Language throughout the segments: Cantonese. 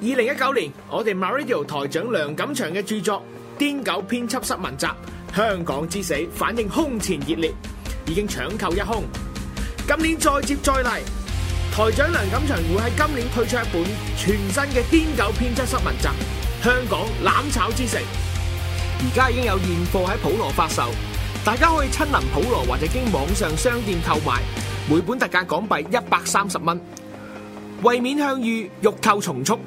2019年我哋 MyRadio 台長，梁錦祥嘅著作癲狗編輯室文集香港之死，反應空前熱烈，已經搶購一空。今年再接再厲，台長梁錦祥會喺今年推出一本全新嘅癲狗編輯室文集，香港攬炒之城。而家已經有現貨喺普羅發售，大家可以親臨普羅或者經網上商店購買，每本特價港幣一百三十蚊。為免向隅，欲購從速。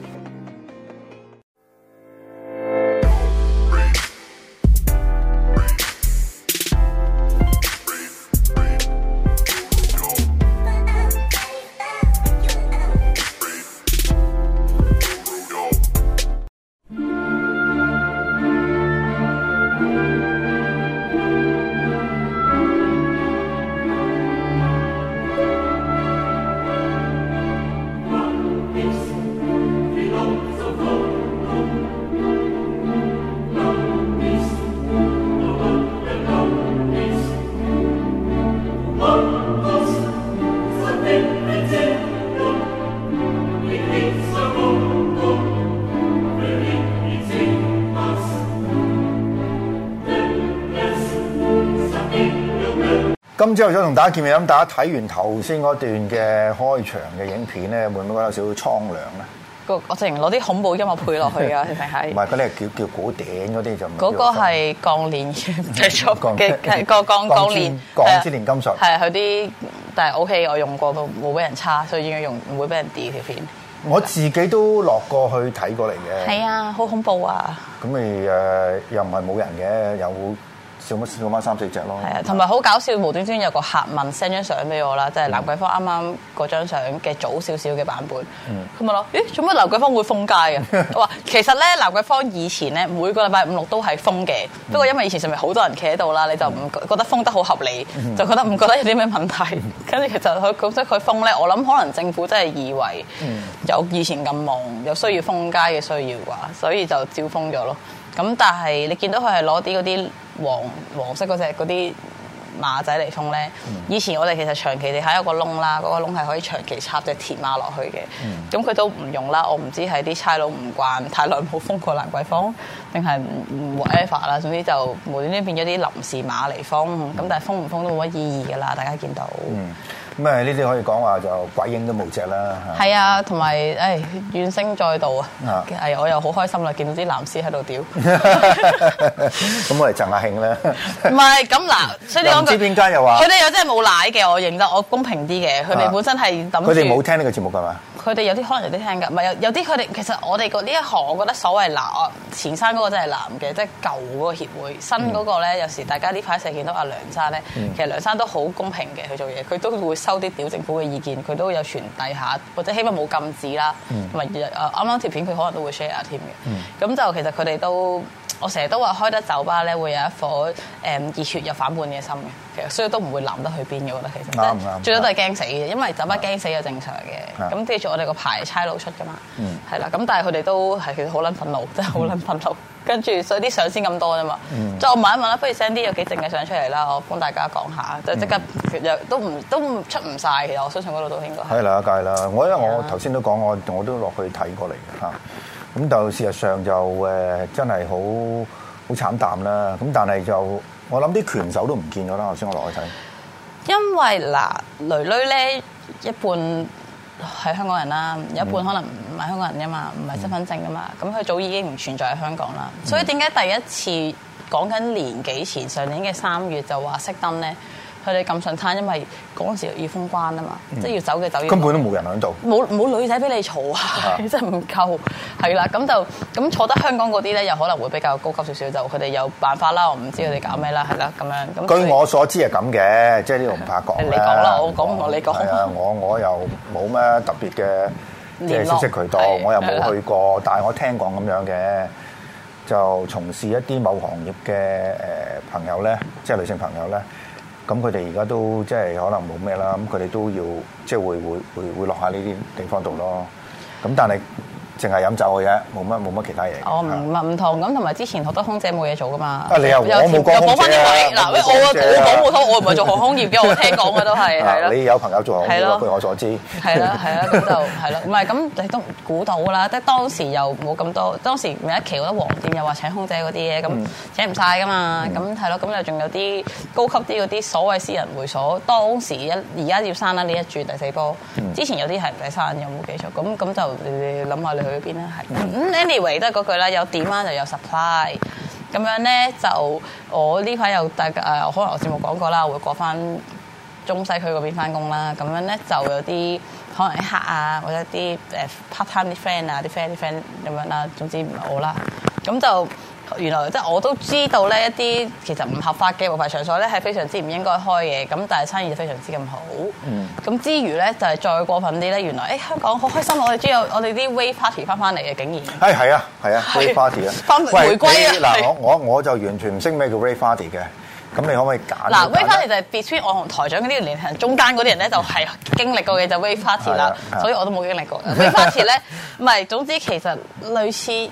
咁之後想同大家見面，大家睇完頭先嗰段嘅開場嘅影片咧，會唔會有少少蒼涼咧？個我淨攞啲恐怖音樂配落去啊！係咪？係唔係嗰啲係叫叫古典嗰啲就唔係。嗰個係鋼鏈，睇錯嘅個鋼鋼鏈鋼之鏈金術係佢啲，但係 O K，我用過都冇俾人差，所以應該用唔會俾人 delete 條片。 我自己都落過去睇過嚟嘅，係啊，好恐怖啊！咁你誒、呃、又唔係冇人嘅有，有人。做乜做埋三四隻咯？係啊，同埋好搞笑，無端端有個客問 send 張相俾我啦，即係蘭桂坊啱啱嗰張相嘅早少少嘅版本咁咪咯。咦，做乜蘭桂坊會封街嘅？ 我話其實咧，蘭桂坊以前咧每個禮拜五六都係封嘅，不過、嗯、因為以前上面好多人企喺度啦，你就唔覺得封得好合理，嗯、就覺得唔覺得有啲咩問題。跟住、嗯、其實佢覺得佢封咧，我諗可能政府真係以為有以前咁忙，有需要封街嘅需要啩，所以就照封咗咯。咁但係你見到佢係攞啲嗰啲。黃黃色嗰隻嗰啲馬仔嚟封咧，以前我哋其實長期地下一個窿啦，嗰、嗰個窿係可以長期插隻鐵馬落去嘅。咁佢、嗯、都唔用啦，我唔知係啲差佬唔慣，太耐冇封過蘭桂坊，定係唔唔冇 effort 啦。總之就無端端變咗啲臨時馬嚟封。咁但係封唔封都冇乜意義㗎啦，大家見到。嗯咁誒呢啲可以講話就鬼影都無隻啦，係啊，同埋誒怨聲載道啊，係我又好開心啦，見到啲男士喺度屌，咁我嚟贈下興啦。唔係，咁嗱，所以你講知邊間又話佢哋又真係冇奶嘅，我認得我公平啲嘅，佢哋本身係諗佢哋冇聽呢個節目㗎嘛。佢哋有啲可能有啲聽㗎，唔係有有啲佢哋其實我哋個呢一行，我覺得所謂男前山嗰個真係男嘅，即係舊嗰個協會，新嗰個咧，有時大家呢排成日見到阿梁生咧，其實梁生都好公平嘅去做嘢，佢都會收啲屌政府嘅意見，佢都有傳遞下，或者希望冇禁止啦，同埋誒啱啱貼片佢可能都會 share 添嘅，咁就其實佢哋都。我成日都話開得酒吧咧，會有一顆誒熱血又反叛嘅心嘅，其實所以都唔會諗得去邊嘅，我覺得其實。唔啱？最多都係驚死嘅，因為酒吧驚死又正常嘅。嚇對！咁跟住我哋個牌差佬出噶嘛。嗯對。係啦，咁但係佢哋都係其實好撚憤怒，真係好撚憤怒。對 跟住所以啲相先咁多啫嘛。嗯。就問一問啦，不如 send 啲有幾正嘅相出嚟啦，我幫大家講下。就即刻，都唔都出唔晒。其實我相信嗰度都應該係。係啦，梗係啦。我因為我頭先都講我我都落去睇過嚟嘅嚇。咁就事實上就誒真係好好慘淡啦！咁但係就我諗啲拳手都唔見咗啦。頭先我落去睇，因為嗱，囡囡咧一半係香港人啦，有、嗯、一半可能唔係香港人噶嘛，唔係身份證㗎嘛，咁佢、嗯、早已經唔存在喺香港啦。嗯、所以點解第一次講緊年幾前上年嘅三月就話熄燈咧？佢哋咁順攤，因為嗰陣時要封關啊嘛，即係要走嘅走。根本都冇人響度，冇冇女仔俾你嘈啊！真係唔夠，係啦。咁就咁坐得香港嗰啲咧，又可能會比較高級少少，就佢哋有辦法啦。我唔知佢哋搞咩啦，係啦咁樣。據我所知係咁嘅，即係呢度唔怕講你講啦，我講唔落你講。係啊，我我又冇咩特別嘅即係消息渠道，我又冇去過，但係我聽講咁樣嘅，就從事一啲某行業嘅誒朋友咧，即係女性朋友咧。咁佢哋而家都即係可能冇咩啦，咁佢哋都要即係會會會會落下呢啲地方度咯。咁但係，淨係飲酒嘅啫，冇乜冇乜其他嘢。我唔唔唔同咁，同埋之前好多空姐冇嘢做噶嘛。啊，你又我冇講空姐啊！嗱，我我講我，我唔係做航空業嘅，我聽講嘅都係。啊，你有朋友做航空嘅，據我所知。係咯，係啊，咁就係咯，唔係咁你都估到啦。即係當時又冇咁多，當時每一期嗰啲黃店又話請空姐嗰啲嘢，咁請唔曬噶嘛。咁係咯，咁又仲有啲高級啲嗰啲所謂私人會所，當時一而家要刪啦，你一住第四波。之前有啲係唔使刪，有冇記錯。咁咁就你諗下你。去邊咧？Anyway 都係嗰句啦。有 demand 就有 supply。咁樣咧就我呢排又大。誒，可能我節目講過啦，會過翻中西區嗰邊翻工啦。咁樣咧就有啲可能客啊，或者啲誒、呃、part time 啲 friend 啊，啲 friend 啲 friend 咁樣啦。總之唔係我啦。咁就。原來即係我都知道咧，一啲其實唔合法嘅無牌場所咧係非常之唔應該開嘅，咁但係生意就非常之咁好。嗯。咁之餘咧就係再過分啲咧，原來誒、哎、香港好開心，我哋終於有我哋啲 Rave Party 翻翻嚟嘅竟然。係係啊係啊。Rave Party 啊。回歸歸啊。嗱的我我我就完全唔識咩叫 Rave Party 嘅，咁你可唔可以解？嗱 Rave、呃、Party 就係 Between、嗯、我同台長呢啲年齡，中間嗰啲人咧，就係經歷過嘅就是、Rave Party 啦，所以我都冇經歷過。Rave Party 咧，唔係總之其實類似。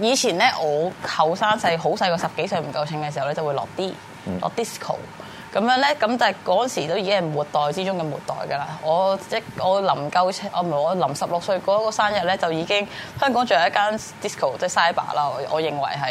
以前咧，我後生細好細個十幾歲唔夠稱嘅時候咧，就會落啲落 disco 咁樣咧，咁就嗰陣時都已經係末代之中嘅末代㗎啦。我一、即係、我臨夠稱，我唔係我臨十六歲嗰個生日咧，就已經香港仲有一間 disco 即係 Cyber 啦。我認為係，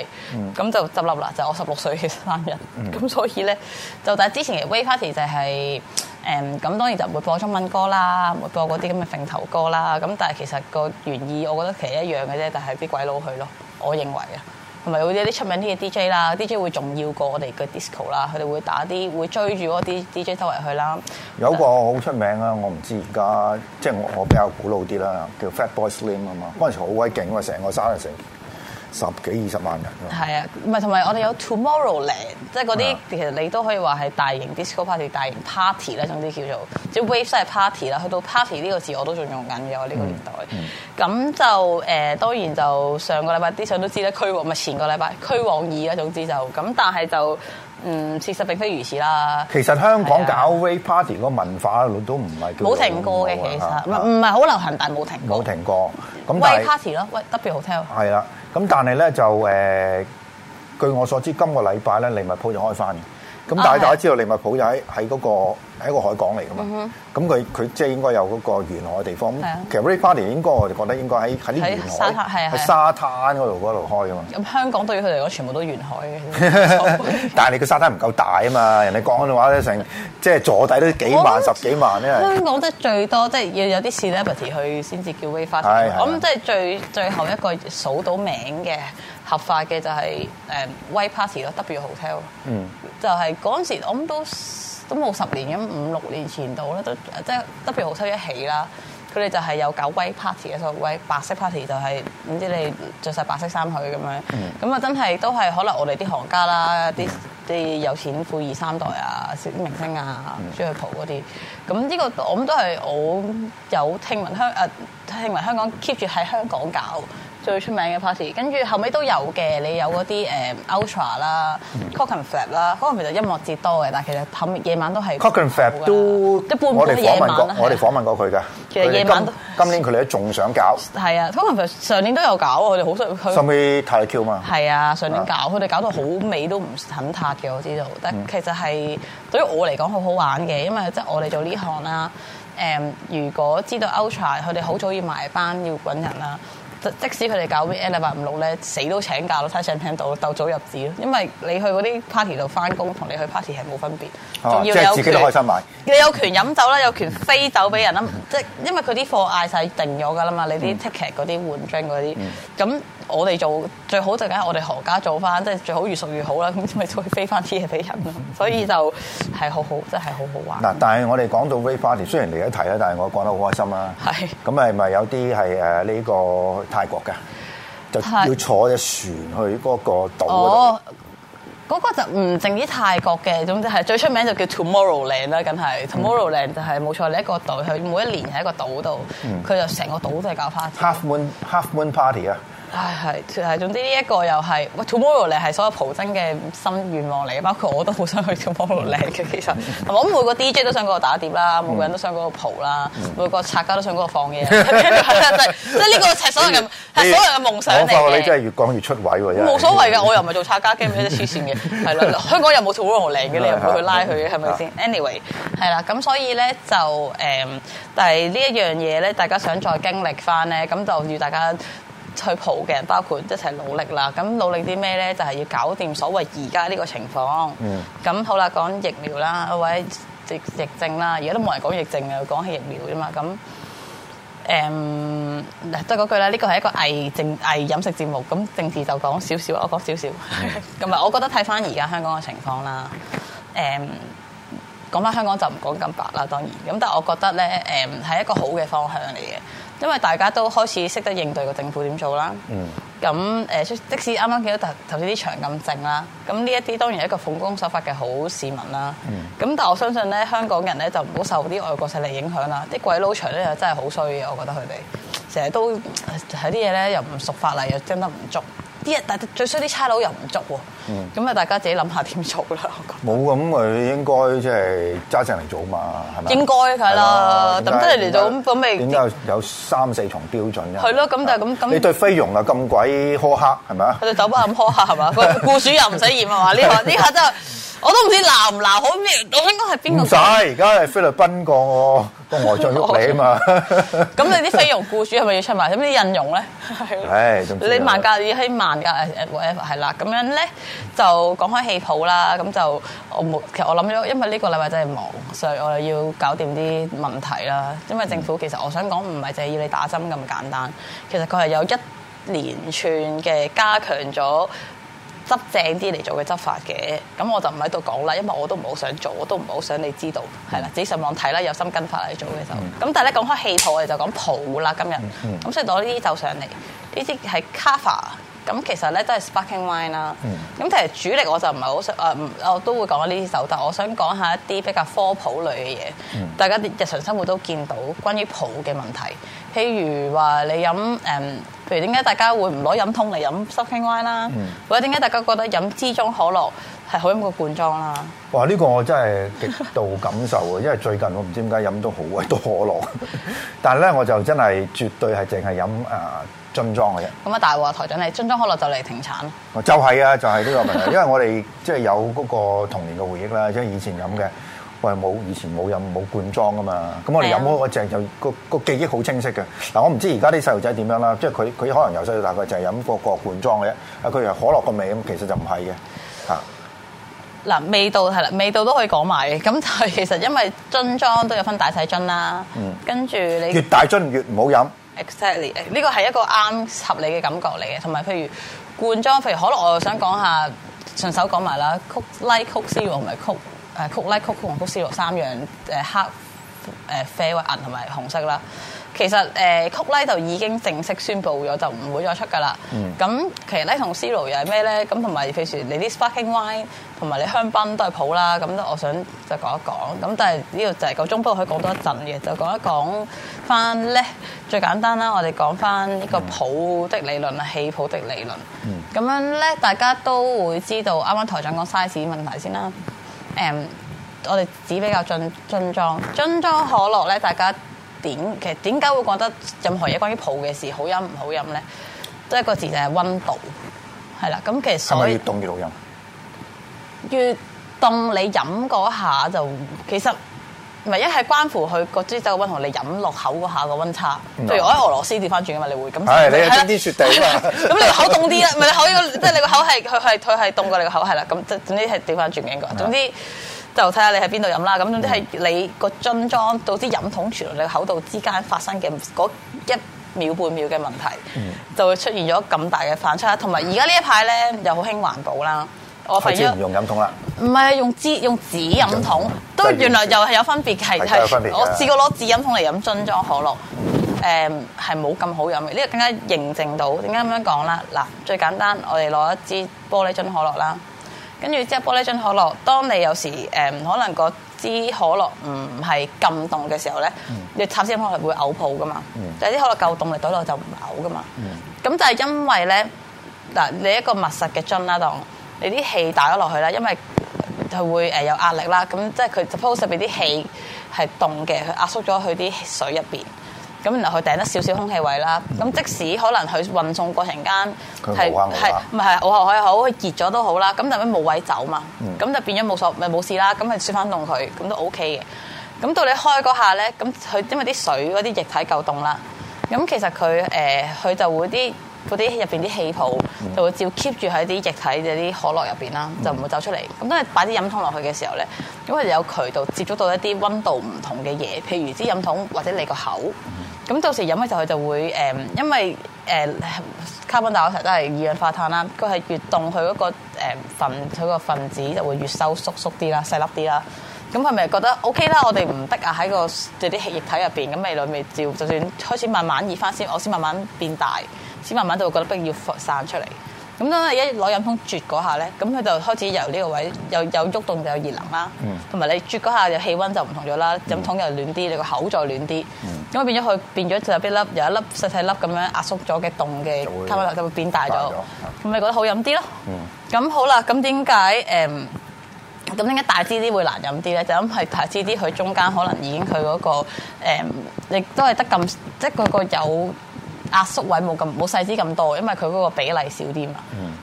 咁、嗯、就執笠啦。就係、我十六歲嘅生日，咁、嗯、所以咧就但係之前嘅 wave party 就係、係。誒咁當然就唔會播中文歌啦，唔會播嗰啲咁嘅揈頭歌啦。咁但係其實個原意我覺得其實一樣嘅啫，但係俾鬼佬去咯，我認為嘅。同埋會有啲出名啲嘅 DJ 啦 ，DJ 會重要過我哋嘅 disco 啦。佢哋會打啲會追住嗰啲 DJ 周圍去啦。 有個好出名啊，我唔知而家即係我我比較古老啲啦，叫 Fatboy Slim 啊嘛，嗰陣時好鬼勁啊，成個沙律城。十幾二十萬人，係啊，唔係同埋我哋有 Tomorrowland，即係嗰啲其實你都可以話係大型 disco party、大型 party 啦，總之叫做即係 wave 都係 party 啦。去到 party 呢個字我都仲用緊嘅，我呢個年代。咁就誒當然就上個禮拜啲想都知咧，區王咪前個禮拜區往二啊，總之就咁，但係就嗯事實並非如此啦。其實香港搞 wave party 個文化都唔係冇停過嘅，其實唔唔係好流行，但係冇停過，冇停過咁。Wave party 咯喂，特別好聽係啦。咁但係咧就誒，據我所知，今個禮拜咧，利物浦，鋪就開返。咁但係大家知道利物浦就喺喺嗰個喺一個海港嚟噶嘛，咁佢佢即係應該有嗰個沿海嘅地方。其實 Ray Barney 應該我就覺得應該喺喺啲沿海、沙灘嗰度嗰度開噶嘛。咁香港對於佢嚟講，全部都沿海嘅。但係你個沙灘唔夠大啊嘛，人哋講嘅話咧，成即係坐底都幾萬十幾萬咧。香港即係最多即係要有啲 celebrity 去先至叫 Ray Barney。我諗即係最最後一個數到名嘅。合法嘅就係 Way party 咯，W Hotel、嗯、就係嗰陣時，我諗都都冇十年咁，五六年前度咧都即係 W Hotel 一起啦，佢哋就係有搞 Way party 嘅，所謂白色 party 就係、是、唔知你着晒白色衫去咁樣，咁啊、嗯、真係都係可能我哋啲行家啦，啲啲、嗯、有錢富二三代啊，小明星啊，出去蒲嗰啲，咁呢、呢個我諗都係我有聽聞香誒聽聞香港 keep 住喺香港搞。最出名嘅 party，跟住後尾都有嘅。你有嗰啲誒 Ultra 啦，Clockenflap 啦。Clockenflap 音樂節多嘅，但係其實冚夜晚都係。Clockenflap 都我哋訪問過我哋訪問過佢嘅。其實夜晚，今年佢哋都仲想搞。係啊，Clockenflap 上年都有搞啊。佢哋好衰，佢後尾塌橋嘛。係啊，上年搞，佢哋搞到好尾都唔肯塌嘅。我知道，但其實係對於我嚟講好好玩嘅，因為即係我哋做呢行啦。誒，如果知道 Ultra，佢哋好早要埋班要滾人啦。即使佢哋搞咩 n 八五六咧，死都請假咯，睇下請唔請到，鬥早入紙咯。因為你去嗰啲 party 度翻工，同你去 party 係冇分別，仲、啊、要你有你有權飲酒啦，有權飛走俾人啦。即係、嗯、因為佢啲貨嗌晒定咗噶啦嘛，你啲 ticket 嗰啲、嗯、換 drink 嗰啲，咁、嗯。我哋做最好就梗係我哋行家做翻，即係最好越熟越好啦。咁咪都再飛翻啲嘢俾人，所以就係好好，即係好好玩。嗱，但係我哋講到 v party，雖然嚟一提啦，但係我講得好開心啦。係是。咁係咪有啲係誒呢個泰國嘅，就要坐隻船去嗰個島嗰、哦嗰個就唔淨止泰國嘅，總之係最出名就叫 Tomorrowland 啦，梗係、嗯、Tomorrowland 就係、是、冇錯，你一,一,一個島，佢每一年喺一個島度，佢就成個島都係搞 party。Half Moon，Half Moon Party 啊！係係，係總之呢一個又係喂 Tomorrow 嚟係所有蒲真嘅心願望嚟，包括我都好想去 Tomorrow 嚟嘅。其實我每個 DJ 都想嗰個打碟啦，每個人都想嗰個蒲啦，每個拆家都想嗰個放嘢，即係呢個係所有嘅係所有嘅夢想嚟嘅。你真係越講越出位喎！冇所謂㗎，我又唔係做拆家 game，咩黐線嘅，係啦。香港又冇 Tomorrow 嚟嘅，你又唔會去拉佢嘅，係咪先？Anyway，係啦，咁所以咧就誒，但係呢一樣嘢咧，大家想再經歷翻咧，咁就要大家。去蒲嘅人，包括一齊努力啦。咁努力啲咩咧？就係、是、要搞掂所謂而家呢個情況。咁、嗯、好啦，講疫苗啦，或者疫疫症啦，而家都冇人講疫症啊，講起疫苗咋嘛。咁誒，都係嗰句啦。呢個係一個偽政偽飲食節目，咁政治就講少少，我講少少。咁啊、嗯， 我覺得睇翻而家香港嘅情況啦。誒、嗯，講翻香港就唔講咁白啦，當然。咁但係我覺得咧，誒、嗯、係一個好嘅方向嚟嘅。因為大家都開始識得應對個政府點做啦，咁誒、嗯，即使啱啱見到頭先啲場咁靜啦，咁呢一啲當然係一個奉公守法嘅好市民啦。咁、嗯、但係我相信咧，香港人咧就唔好受啲外國勢力影響啦。啲鬼佬場咧又真係好衰嘅，我覺得佢哋成日都喺啲嘢咧又唔熟法例，又跟得唔足。啲人但最衰啲差佬又唔做喎，咁啊大家自己諗下點做啦。冇咁佢應該即係揸正嚟做啊嘛，係咪？應該係啦，咁真係嚟到咁咁咪點解有三四重標準嘅？係咯，咁就咁咁。你對菲傭啊咁鬼苛刻係咪啊？佢對酒吧咁苛刻係嘛？個僱主又唔使驗係嘛？呢下呢下真係。我都唔知鬧唔鬧好咩，我應該係邊個？唔使，而家係菲律賓降喎個外在喐你啊嘛。咁你啲菲傭僱主係咪要出埋？有冇啲印傭咧？係。你萬格爾喺萬格，係啦。咁樣咧就講開氣泡啦。咁就我冇，其實我諗咗，因為呢個禮拜真係忙，所以我又要搞掂啲問題啦。因為政府其實我想講，唔係淨係要你打針咁簡單，其實佢係有一連串嘅加強咗。執正啲嚟做嘅執法嘅，咁我就唔喺度講啦，因為我都唔好想做，我都唔好想你知道，係啦，嗯，自己上網睇啦，有心跟法嚟做嘅就。咁、嗯嗯，但係咧講開氣泡，我哋就講泡啦今日。咁、嗯嗯、所以攞呢啲酒上嚟，呢啲係 Cava，咁其實咧都係 sparkling wine 啦、嗯。咁其實主力我就唔係好想，誒、呃、我都會講呢啲酒，但我想講下一啲比較科普類嘅嘢，嗯、大家日常生活都見到關於泡嘅問題，譬如話你飲誒。嗯譬如點解大家會唔攞飲通嚟飲 soft drink line 啦？或者點解大家覺得飲紙裝可樂係好飲過罐裝啦？哇！呢、呢個我真係極度感受嘅， 因為最近我唔知點解飲到好鬼多可樂， 但係咧我就真係絕對係淨係飲啊樽裝嘅啫。咁啊大鑊！台長你樽裝可樂就嚟停產咯？就係啊，就係、係、呢個問題， 因為我哋即係有嗰個童年嘅回憶啦，即係以前飲嘅。我係冇以前冇飲冇罐裝㗎嘛，咁我哋飲開一隻就個個記憶好清晰嘅。嗱，我唔知而家啲細路仔點樣啦，即係佢佢可能由細到大，佢就係飲過個罐裝嘅，啫。佢係可樂個味咁，其實就唔係嘅吓。嗱，味道係啦，味道都可以講埋嘅。咁就係其實因為樽裝都有分大細樽啦，嗯，跟住你越大樽越唔好飲。exactly，呢個係一個啱合理嘅感覺嚟嘅。同埋譬如罐裝，譬如可樂，我又想講下，順手講埋啦，曲拉、曲絲唔係曲。誒，曲拉、嗯、曲曲紅、曲絲露三樣誒黑誒啡、或銀同埋紅色啦。其實誒曲拉就已經正式宣布咗，就唔會再出噶啦。咁其實咧，同絲露又係咩咧？咁同埋譬如你啲 sparkling wine 同埋你香檳都係普啦。咁我想就講一講咁，但係呢度就係夠鐘，不過可以講多一陣嘅，就講一講翻咧。最簡單啦，我哋講翻呢個普的理論啊，氣普的理論。咁、嗯、樣咧，大家都會知道。啱啱台長講 size 問題先啦。誒，我哋只比較樽樽裝樽裝可樂咧，大家點其實點解會覺得任何嘢關於泡嘅事好飲唔好飲咧？即係一個字就係温度，係啦。咁其實所以係咪越凍越好飲？越凍你飲嗰下就其實。唔係一係關乎佢支酒嘅温同你飲落口嗰下個温差，譬、嗯、如我喺俄羅斯調翻轉嘅嘛，你會咁。係、嗯、你係天啲雪地嘛，咁 你口凍啲啦，唔係 你口個，即係你個口係佢係佢係凍過你個口係啦。咁即係總之係調翻轉嘅應該。總之就睇下你喺邊度飲啦。咁、嗯、總之係你個樽裝到啲飲筒傳嚟你口度之間發生嘅嗰一秒半秒嘅問題，嗯、就會出現咗咁大嘅反差。同埋而家呢一排咧又好興環保啦，我費事用飲筒啦。唔係用紙用紙飲筒，都原來又係有分別，係係我試過攞紙飲筒嚟飲樽裝可樂，誒係冇咁好飲嘅，呢個更加認證到。點解咁樣講啦嗱？最簡單，我哋攞一支玻璃樽可樂啦，跟住即係玻璃樽可樂，當你有時誒，可能嗰支可樂唔係咁凍嘅時候咧，你插支飲筒係會嘔泡噶嘛？有啲可樂夠凍嚟倒落就唔嘔噶嘛？咁就係因為咧嗱，你一個密實嘅樽啦，當你啲氣打咗落去啦，因為。佢會誒有壓力啦，咁即係佢樽上邊啲氣係凍嘅，佢壓縮咗佢啲水入邊，咁然後佢頂得少少空氣位啦。咁、嗯、即使可能佢運送過程間係係唔係，我話後海、嗯、可以好，佢熱咗都好啦。咁就係冇位走嘛，咁就變咗冇所咪冇事啦。咁係舒翻凍佢，咁都 O K 嘅。咁到你開嗰下咧，咁佢因為啲水嗰啲液體夠凍啦，咁其實佢誒佢就會啲。嗰啲入邊啲氣泡就會照 keep 住喺啲液體啲可樂入邊啦，嗯、就唔會走出嚟。咁當你擺啲飲桶落去嘅時候咧，因為有渠道接觸到一啲溫度唔同嘅嘢，譬如啲飲桶或者你個口，咁、嗯、到時飲嘅時候佢就會誒，因為誒 carbon dioxide 都係二氧化碳啦，佢係越凍佢嗰個誒分佢個分子就會越收縮縮啲啦，細粒啲啦。咁佢咪覺得 O K 啦？我哋唔得啊，喺個即係啲液體入邊，咁未冷未照，就算開始慢慢熱翻先，我先慢慢變大。始慢慢就會覺得不要散出嚟。咁當你一攞飲筒啜嗰下咧，咁佢就開始由呢個位有有喐動就有熱能啦。同埋你啜嗰下就氣温就唔同咗啦，飲筒又暖啲，你個口再暖啲，咁變咗佢變咗就一粒粒有一粒細細粒咁樣壓縮咗嘅凍嘅咖啡粒就會變大咗，咁咪覺得好飲啲咯。咁好啦，咁點解誒？咁點解大支啲會難飲啲咧？就咁係大支啲，佢中間可能已經佢嗰個誒，亦都係得咁即係佢個有。壓縮位冇咁冇細支咁多，因為佢嗰個比例少啲嘛。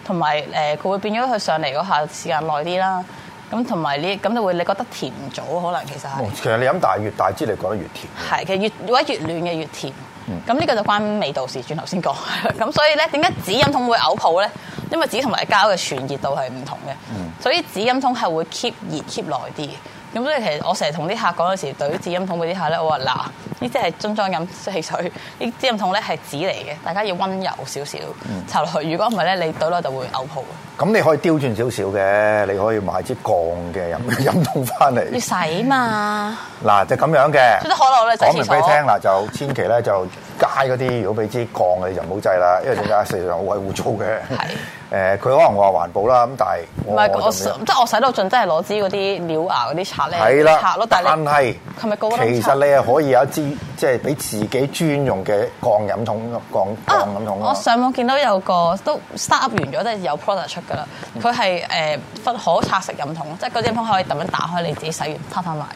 同埋誒，佢、呃、會變咗佢上嚟嗰下時間耐啲啦。咁同埋呢咁就會你覺得甜唔早，可能其實係、哦、其實你飲大越大支，你覺得越甜。係其實越如果越暖嘅越甜。咁呢、嗯、個就關味道事，轉頭先講。咁 所以咧，點解紙飲筒會嘔泡咧？因為紙同埋膠嘅傳熱度係唔同嘅，嗯、所以紙飲筒係會 keep 熱 keep 耐啲。咁所以其實我成日同啲客講嗰時，對啲紙飲筒嗰啲客咧，我話嗱，呢啲係樽裝飲汽水，水，呢紙飲筒咧係紙嚟嘅，大家要温柔少少，摺落去。如果唔係咧，你摺落就會嘔泡。咁、嗯、你可以刁轉少少嘅，你可以買支鋼嘅飲飲筒翻嚟。要洗嘛？嗱，就咁、是、樣嘅，講明俾你聽啦，就千祈咧就街嗰啲，如果俾支鋼嘅就唔好制啦，因為佢啊，事實好鬼污糟嘅。係。誒，佢可能話環保啦，咁但係唔係我即係我使到盡，真係攞支嗰啲鳥牙嗰啲刷咧刷咯，但係唔係，其實你係可以有一支即係俾自己專用嘅鋼飲筒。鋼鋼飲筒我上網見到有個都 startup 完咗，都係有 product 出噶啦。佢係誒分可拆式飲筒，即係嗰支桶可以咁樣打開，你自己洗完擦翻埋。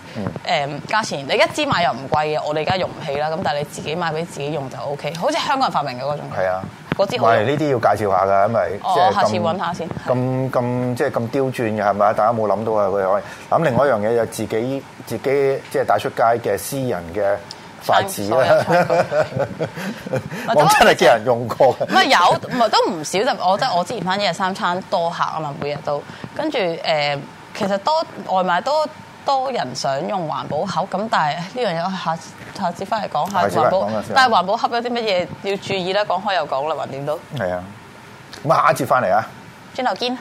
誒價錢你一支買又唔貴嘅，我哋而家用唔起啦。咁但係你自己買俾自己用就 OK，好似香港人發明嘅嗰種係啊。唔係呢啲要介紹下噶，因為、哦、下次揾下先。咁咁即係咁刁鑽嘅係咪啊？大家冇諗到啊！佢可諗另外一樣嘢就自己自己即係帶出街嘅私人嘅筷子啦。我真係見人用過。唔係 有，唔係都唔少。我即係我之前返一日三餐多客啊嘛，每日都跟住誒，其實多外賣多。多人想用環保口咁，但係呢樣嘢下下次翻嚟講下，下，下環保，但係環保盒有啲乜嘢要注意咧？講開又講啦，還掂到。係啊，咁下一節翻嚟啊，轉頭見。